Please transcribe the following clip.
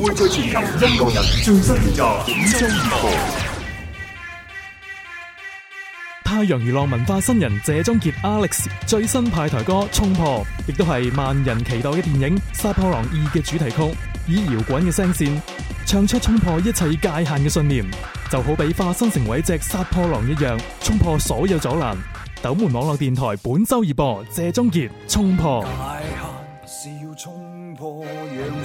匯聚全球一個人最新嘅創作《沖播《太陽娛樂文化新人謝中杰 Alex 最新派台歌《沖破》，亦都係萬人期待嘅電影《殺破狼二》嘅主題曲，以搖滾嘅聲線唱出沖破一切界限嘅信念，就好比化身成為一隻殺破狼一樣，沖破所有阻攔。斗門網絡電台本周熱播謝中杰《沖破》限。是要衝破要